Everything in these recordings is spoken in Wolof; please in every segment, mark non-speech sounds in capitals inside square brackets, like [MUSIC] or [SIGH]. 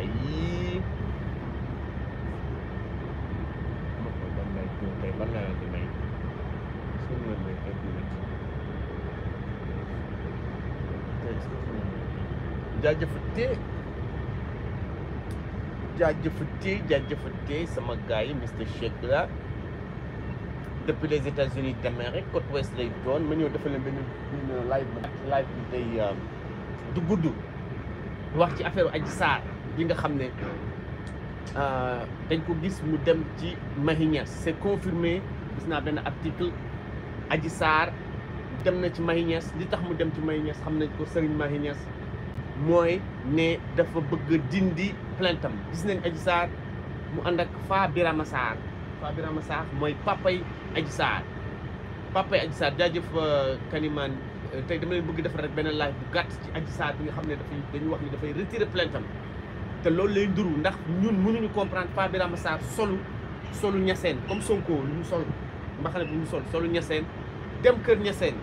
aí một bên này cùng tay bên này thì này xuống mình này Jaja Fete Jaja Fete Jaja Fete sama gars Mr Sheikh lah depuis les États-Unis d'Amérique côte ouest lay doon de ñëw defal leen benn live live de day um, du gudd wax ci affaire Adji Sarr bi nga xam ne euh, dañ ko gis mu dem ci Mahi Niass c'est confirmé gis naa benn article Adji Sarr dem na ci Mahi Niass li tax mu dem ci Mahi xam nañ ko Serigne Mahi Niass mooy ne dafa bëgg dindi plainte am gis nañ Adji Sarr mu ànd ak Fa Birama Sarr Fa Birama Sarr mooy papay Adji Sarr papay Adji Sarr jaajëf euh, Kaniman euh, tey dama leen bëgg defar rek benn laay bu gàtt ci Adji Sarr bi nga xam ne dafay dañu wax ni dafay retirer plainte am te loolu lay nduru ndax ñun mënuñu comprendre Pa Birame Sarr solu solu ñaseen comme Sonko lu mu sol mbaxane bu mu sol solu ñaseen dem kër ñaseen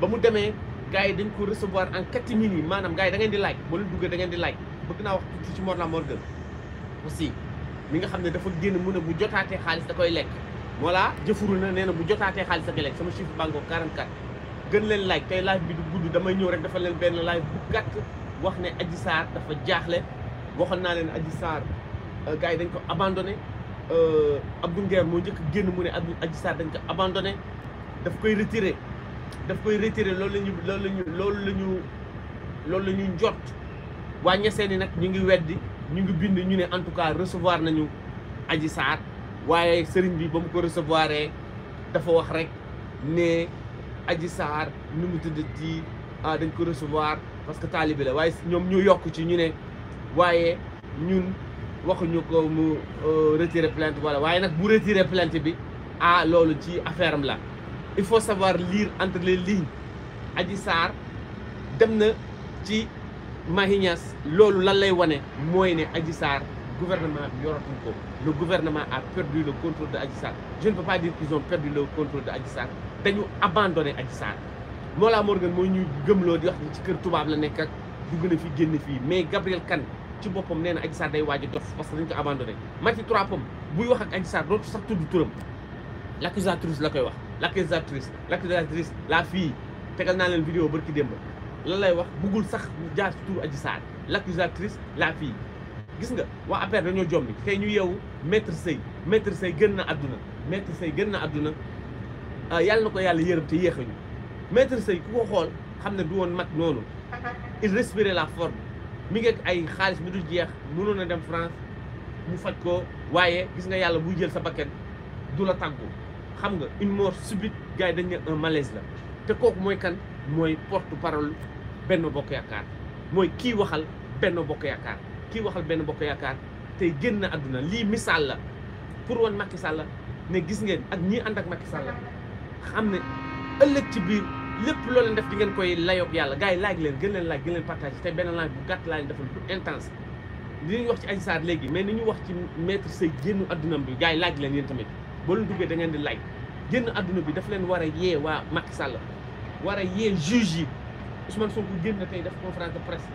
ba mu demee gars yi dañ ko recevoir en catimini maanaam gars yi da ngeen di laaj ba lu duggee da ngeen di laaj bëgg naa wax tuuti ci Mollah Morgun aussi mi nga xam ne dafa génn mu ne bu jotaatee xaalis da koy lekk voilà jëfuru na nee na bu jotaatee xaalis da koy lekk sama chiffre bango 44 gën leen laaj tey live bi du gudd damay ñëw rek dafa leen benn live bu gàtt wax ne Adji Sarr dafa jaaxle waxoon naa leen Adji Sarr euh, gars yi dañ ko abandonné euh, Abdou Nguer moo njëkk génn mu ne Adji Sarr dañ ko abandonné daf koy retiré daf koy retiré loolu la loolu la loolu la ñu loolu la ñu njot waa ñeseen yi nag ñu ngi weddi ñu ngi bind ñu ne en tout cas recevoir nañu aji Sarr waaye sëriñ bi ba mu ko recevoir dafa wax rek ne aji Sarr nu mu tudd ci ah, dañ ko recevoir parce que taalibe la waaye ñoom ñu yokk ci ñu ne waaye ñun waxuñu ko mu euh, retirer plainte wala waaye nag bu retirer plainte bi ah loolu ci affaire la il faut savoir lire entre les lignes Adji Sarr dem na ci Mahi Niass loolu lan lay wane mooy ne Adji Sarr gouvernement bi yoratuñ ko le gouvernement a perdu le contrôle de Adji Sarr je ne peux pas dire qu'ils ont perdu le contrôle de Adji Sarr dañu abandonné Adji Sarr Mollah Morgan mooy ñuy gëmloo di wax ni ci kër tubaab la nekk ak dugg na fi génn fii mais Gabriel kan ci boppam nee na Adji Sarr day waaj a dof parce que dañ ko abandonné Maty trois pommes buy wax ak Adji Sarr dootu sax tudd turam l' accusatrice la koy wax l' accusatrice la fille tegal naa leen vidéo barki démb la lay wax buggul sax jaar ci tur Adji Sarr l' accusatrice la fille gis nga waa APR dañoo jombi tey ñu yeewu maître Seye maître Seye gën na àdduna maître Seye gën na àdduna ah, yàlla na ko yàlla yërëm te yéexañu maître Seye ku ko xool xam ne du woon mag noonu il respirait la forme mi ngi ay xaalis mu du jeex mënoon a dem France mu faj ko waaye gis nga yàlla buy jël sa bakkan du la tàggu xam nga une mort subite gars yi dañ ne un malaise la te kooku mooy kan mooy porte parole Benno Bokk Yaakaar mooy kii waxal benn Bokk Yaakaar kii waxal benn Bokk Yaakaar tey génn na àdduna lii misaal la pour wan Macky Sall ne gis ngeen ak ñii ànd ak Macky Sall xam ne ëllëg ci biir. lépp loo leen def di ngeen koy layoog yalla gaay yi laaj leen gën leen laaj gën leen partager te benn laaj bu gàtt laa leen defal bu intense li ñu wax ci Adji Sarr léegi mais ni ñu wax ci maître Sèye génnu adduna bi gaay yi laaj leen yéen tamit bo leen duggee da ngeen di laaj génn adduna bi daf leen war a yee waa Macky Sall war a yee juge yi Ousmane Sonko génn na tey def conférence de presse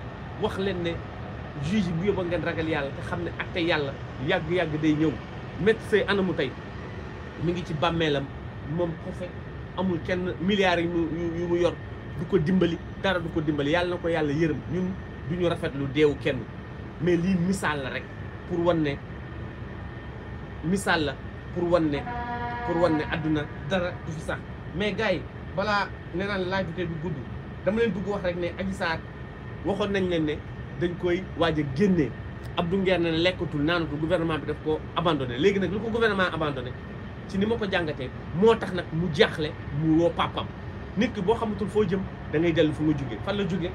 wax leen ne juge yi bu yóbba ngeen ragal yàlla te xam ne atte yàlla yàgg-yàgg day ñëw maître Sèye anamu tey mi ngi ci bàmmeelam moom kese amul kenn milliards yu mu yu mu yor du ko dimbali dara du ko dimbali yàlla na ko yàlla yërëm ñun du ñu lu deewu kenn mais lii misaal la rek pour wan ne misaal la pour wan ne pour wan ne àdduna dara du fi sax mais gars yi balaa nee naa la laaj bi du gudd dama leen bëgg wax rek ne Adji Sarr waxoon nañ leen ne dañ koy waaj a génnee Abdou ngeen ne lekkatul naanatul gouvernement bi daf ko abandonné léegi nag lu ko gouvernement abandonné ci ni ma ko jàngatee moo tax nag mu jaaxle mu woo papam nit ki boo xamatul foo jëm da ngay dellu fu nga jóge fan la jóge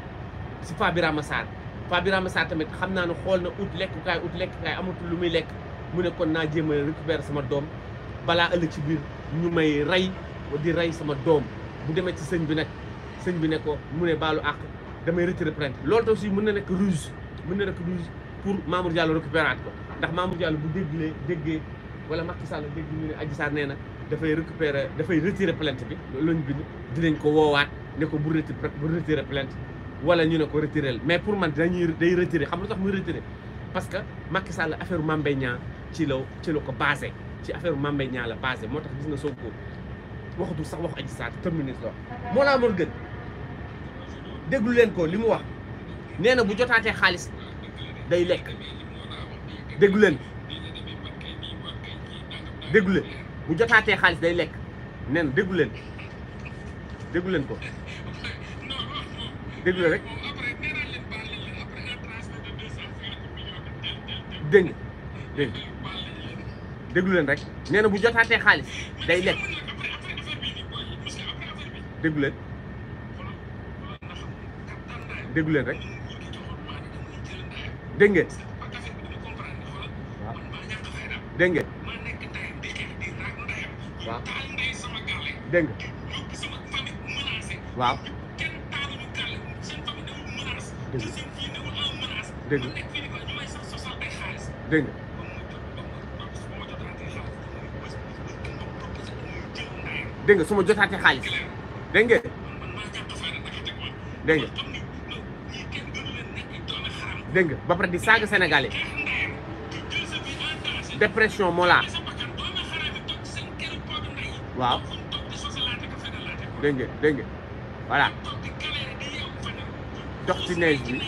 si Fabirama Sarr Fabirama Sarr tamit xam naa ne xool na ut lekkukaay ut lekkukaay amatul lu muy lekk mu ne kon naa jéem a récupérer sama doom balaa ëllëg ci biir ñu may rey di rey sama doom bu demee ci sëñ bi nag sëñ bi ne ko mu ne baalu àq damay retirer plainte loolu aussi mën na nekk ruse mën na nekk ruse pour Mamour Diallo récupérer ko ndax Mamour Diallo bu dégglee déggee wala Macky Sall dégg ñu ne Adji nee na dafay récupérer dafay retirer plainte bi loolu bi dinañ ko woowaat ne ko bu retirer bu retirer wala ñu ne ko retirer mais pour man dañuy day retirer xam lu tax muy retirer parce que Macky Sall affaire Mame Mbaye ci la ci la ko basé ci affaire Mame Mbaye la basé moo tax gis nga na Sonko waxatul sax waxu Adji Sarr terminus la wax moo laa moon gën déglu leen ko li mu wax nee na bu jotaatee xaalis day lekk déglu leen déglu bu jotaatee xaalis day lekk nee na déglu leen ko déglu rek dégg dégg déglu leen rek nee na bu jotaatee xaalis day lekk déglu leen rek dégg ngeen waaw dégg nga waaw dégg nga dégg nga dégg nga su di saaga sénégalais dépression moo waaw dégg nga dégg jox ci neige bi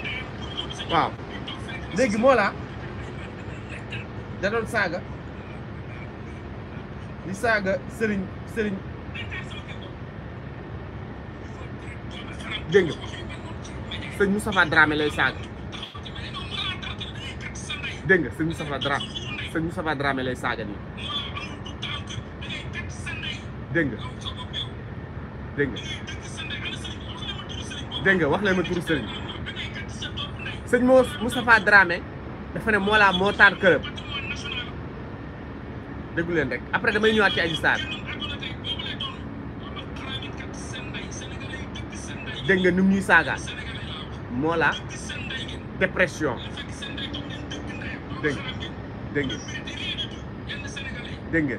[LAUGHS] waaw léegi moo laa da saaga di saaga sëriñ sëriñ dégg nga sëñ Moustapha Dramé lay saaga dégg nga sëñ Moustapha Dramé sëñ Moustapha lay saaga nii dégg nga dégg nga wax leen ma turu sëriñ sëñ moo Moustapha Dramé dafa ne moo laa moo taal këram déglu leen rek après damay ñëwaat ci Adji Sarr dégg nga num ñuy saaga moo la dépression dégg nga dégg nga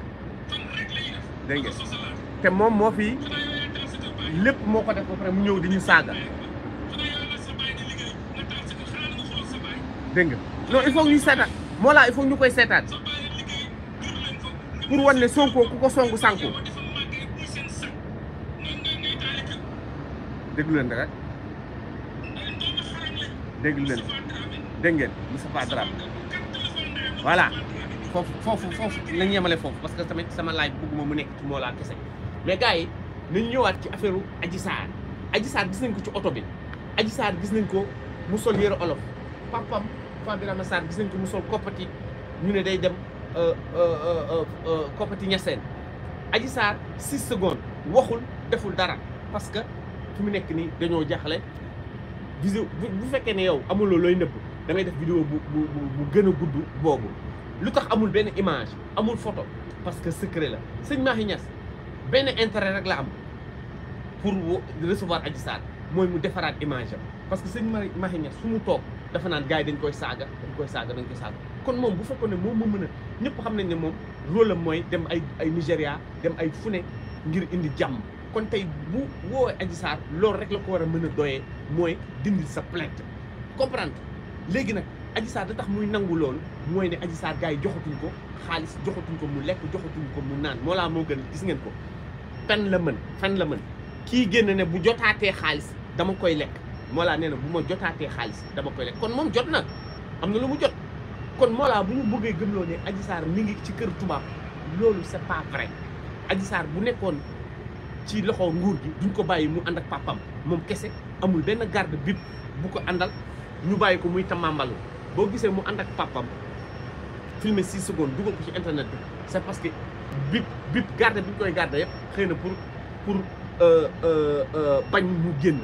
dégg te moom moo fi lépp moo ko def ba pare mu ñëw di ñu saaga dégg nga non il faut ñu seetaat moo laa ñu koy seetaat pour wan ne Sonko ku ko songu sànku déglu leen rek déglu leen dégg ngeen Moustapha Dramé voilà foofu foofu foofu nañ yemale foofu parce que tamit sama laaj bëgguma mu nekk ci kese mais gars yi nañ ñëwaat ci affaire Adji Sarr Adji Sarr gis nañ ko ci oto bi Adji Sarr gis nañ ko mu sol yére olof papam Fapal Birame Sarr gis nañ ko mu sol koppati ñu ne day dem euh, euh, euh, koppati ñaseen Adji Sarr six secondes waxul deful dara parce que fi mu nekk nii dañoo jaaxle vidéo bu fekkee ne yow amuloo looy nëbb da ngay def vidéo bu bu bu gën a gudd boobu lu tax amul benn image amul photo parce que secret la sëñ Mahi Niass benn intérêt rek la am pour recevoir Adji Sarr mooy mu defaraat image parce que sëñ Mahi Niass su mu toog dafa naan gars yi dañ koy saaga dañ koy saaga dañ koy saaga kon moom bu fekkoon ne moom moo mën a ñëpp xam nañ ne moom rôle am mooy dem ay ay Nigéria dem ay fune ngir indi jàmm kon tey bu woowee Adji Sarr loolu rek la ko war a mën a doyee mooy dindi sa plainte comprendre léegi nag Adji Sarr da tax muy nangu loolu mooy ne Adji Sarr yi joxatuñ ko xaalis joxatuñ ko mu lekk joxatuñ ko mu naan moo laa moo gën gis ngeen ko fen la mën fen la mën kii génn ne bu jotaatee xaalis dama koy lekk moo laa nee na bu ma jotaatee xaalis dama koy lekk kon moom jot na am na lu mu jot kon moo laa bu ñu bëggee gëmloo ne Adji Sarr mi ngi ci kër tubaab loolu c'est pas vrai Adji bu nekkoon ci loxo nguur gi duñ ko bàyyi mu ànd ak papam moom kese amul benn garde bib bu ko àndal ñu bàyyi ko muy tamambalu boo gisee mu ànd ak papam filmé six secondes dugal ko ci internet bi c'est parce que bip bip garde bi ñu koy garde yëpp xëy na pour pour euh, euh, euh, bañ mu génn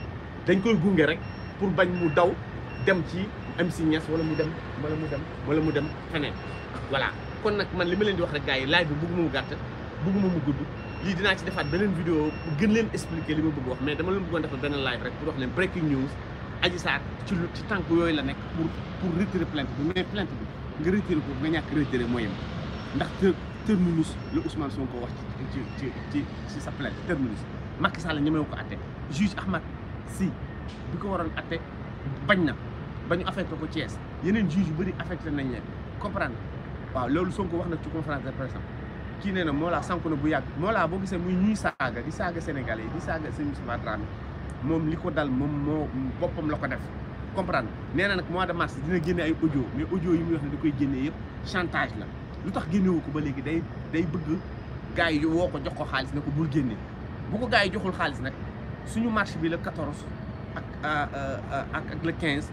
dañ koy gunge rek pour bañ mu daw dem ci MC Niass wala mu dem wala mu dem wala mu dem feneen voilà kon nag man li ma leen di wax rek gars yi live bi bëgguma mu gàtt bëgguma mu gudd lii dinaa ci defaat beneen vidéo gën leen expliquer li ma bëgg wax mais dama leen bëggoon defal beneen live rek pour wax leen breaking news Aji tu ci ci la pour pour retirer plainte mais plainte retirer pour nga retirer terminus le Ousmane Sonko wax ci terminus Macky Sall juge Ahmad Si, beaucoup ko waroon atte bañ na ko Thiès juge affecté comprendre ce loolu Sonko wax na ci conférence de presse bu c'est muy ñuy di sénégalais di moom li ko dal moom moo boppam la ko def comprendre nee na nag mois de mars dina génne ay audio mais audio yi muy wax ne da koy génnee yëpp chantage la lu tax génnewu ko ba léegi day day bëgg gars yi woo ko jox ko xaalis ne ko bul génne bu ko gars yi joxul xaalis nag suñu marché bi le 14 ak euh, euh, ak ak le 15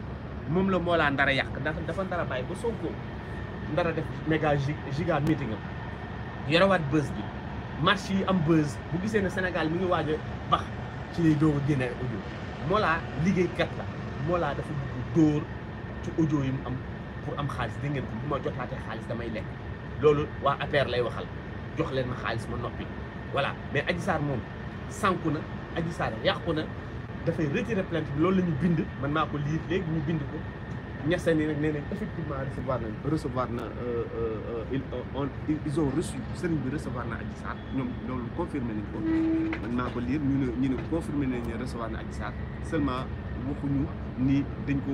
moom la moo laa ndara yàq ndax dafa ndara bàyyi ba Sonko ndara def méga giga meeting am yorewaat buzz bi marché yi am buzz bu gisee ne Sénégal mi ngi waaj a bax ci lay doog a génne ay audio Mollah liggéeykat la Mollah dafa dugg dóor ci audio yi mu am pour am xaalis dégg ngeen ko bu ma jotaatee xaalis damay lekk loolu waa APR lay waxal jox leen ma xaalis ma noppi voilà mais Adji Sarr moom sànku na Adji Sarr yàqu na dafay retirer plainte bi loolu la ñu bind man maa ko liir léegi ñu bind ko ñaseen yi nag nee nañ effectivement recevoir nañ recevoir na euh, euh, euh, ils ont reçu sëriñ bi recevoir na Adji Sarr ñoom loolu confirmé nañ ko man maa ko lire ñu ne ñu ne na nañ ne recevoir na Adji Sarr seulement waxuñu ni dañ ko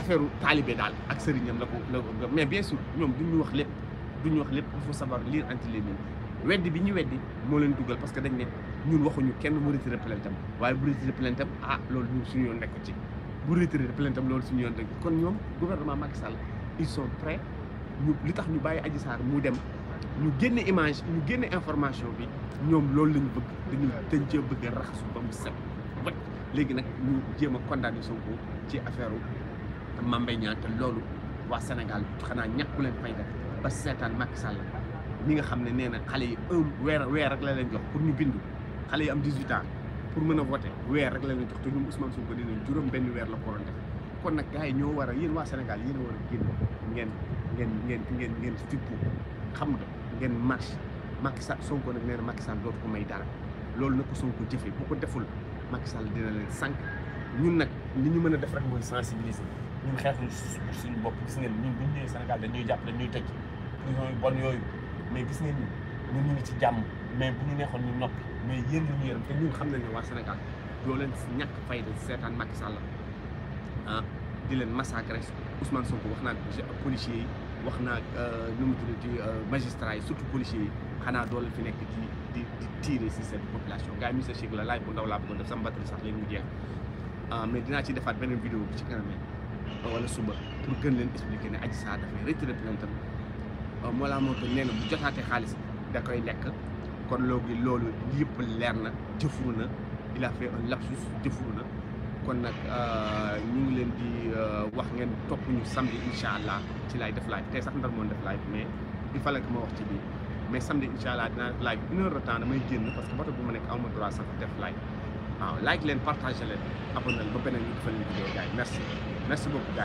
affaire taalibe daal ak sëriñam la ko la ko mais bien sûr ñoom duñu wax lépp duñu wax lépp il faut savoir lire entre les lignes weddi bi ñu weddi moo leen dugal parce que dañ ne ñun waxuñu kenn mu retiré plainte am waaye bu retiré plainte am ah loolu ñun suñu yoon nekk ci bu retiré plainte am loolu suñu yoon dëgg kon ñoom gouvernement Macky Sall ils sont prêts ñu li tax ñu bàyyi Adji saar mu dem ñu génne image ñu génne information bi ñoom loolu lañu ñu bëgg dañu dañ cee bëgg raxasu ba mu set wet léegi nag ñu jéem a condamné Sonko ci affaire Mame Mbaye Niang te loolu waa Sénégal xanaa ñàkku leen fay def ba seetaan Macky Sall mi nga xam ne nee na xale yi un weer weer ak la leen jox pour ñu bindu xale yi am 18 pour mën a voté weer rek la leen jox te ñoom Ousmane Sonko nee na juróom benn weer la ko waroon def kon nag gars yi ñoo war a yéen waa Sénégal yéen a war a génn ngeen ngeen ngeen ngeen ngeen fippu xam nga ngeen marche Macky Sall Sonko nag nee na Macky Sall dootu ko may dara loolu nag ko Sonko jëfee boo ko deful Macky Sall dina leen sànq ñun nag li ñu mën a def rek mooy sensibiliser ñun xeexuñu suñu bopp gis ngeen ñun bu ñu ñëwee Sénégal dañuy jàpp dañuy tëj prison yu bon yooyu mais gis ngeen ñun ñu ngi ci jàmm mais bu ñu neexoon ñu noppi mais yéen ñu yërëm te ñun xam nañ ne waa Sénégal doo leen ñàkk fayda seetaan Macky Sall ah di leen massacré Ousmane Sonko wax naa ak yi wax naa euh, nu mu tudd ci euh, magistrats yi surtout policiers yi xanaa doo leen fi nekk di di di si cette population gars yi monsieur Cheikh la laaj bu ndaw laa bëggoon def sama batterie sax léegi mu jeex ah, mais dinaa ci defaat beneen vidéo bi ci kanamee wala suba pour gën leen expliquer ne Adji Sarr dafay retiré plainte am moo laa moo tax nee na da koy lekk kon loogi loolu yëpp leer na jëfuru na il a fait un lapsus jëfuru na kon nag euh, ñu ngi leen di euh, wax ngeen topp ñu samedi incha allah ci laay def live tey sax ndar moon def live mais il fallait que ma wax ci bii mais samedi incha allah dinaa def live une heure de temps damay génn parce que bato bu ma nekk aw ma droit sax def live waaw like leen partagé leen abonné leen ba beneen ñu defal leen vidéo gars yi merci merci beaucoup gars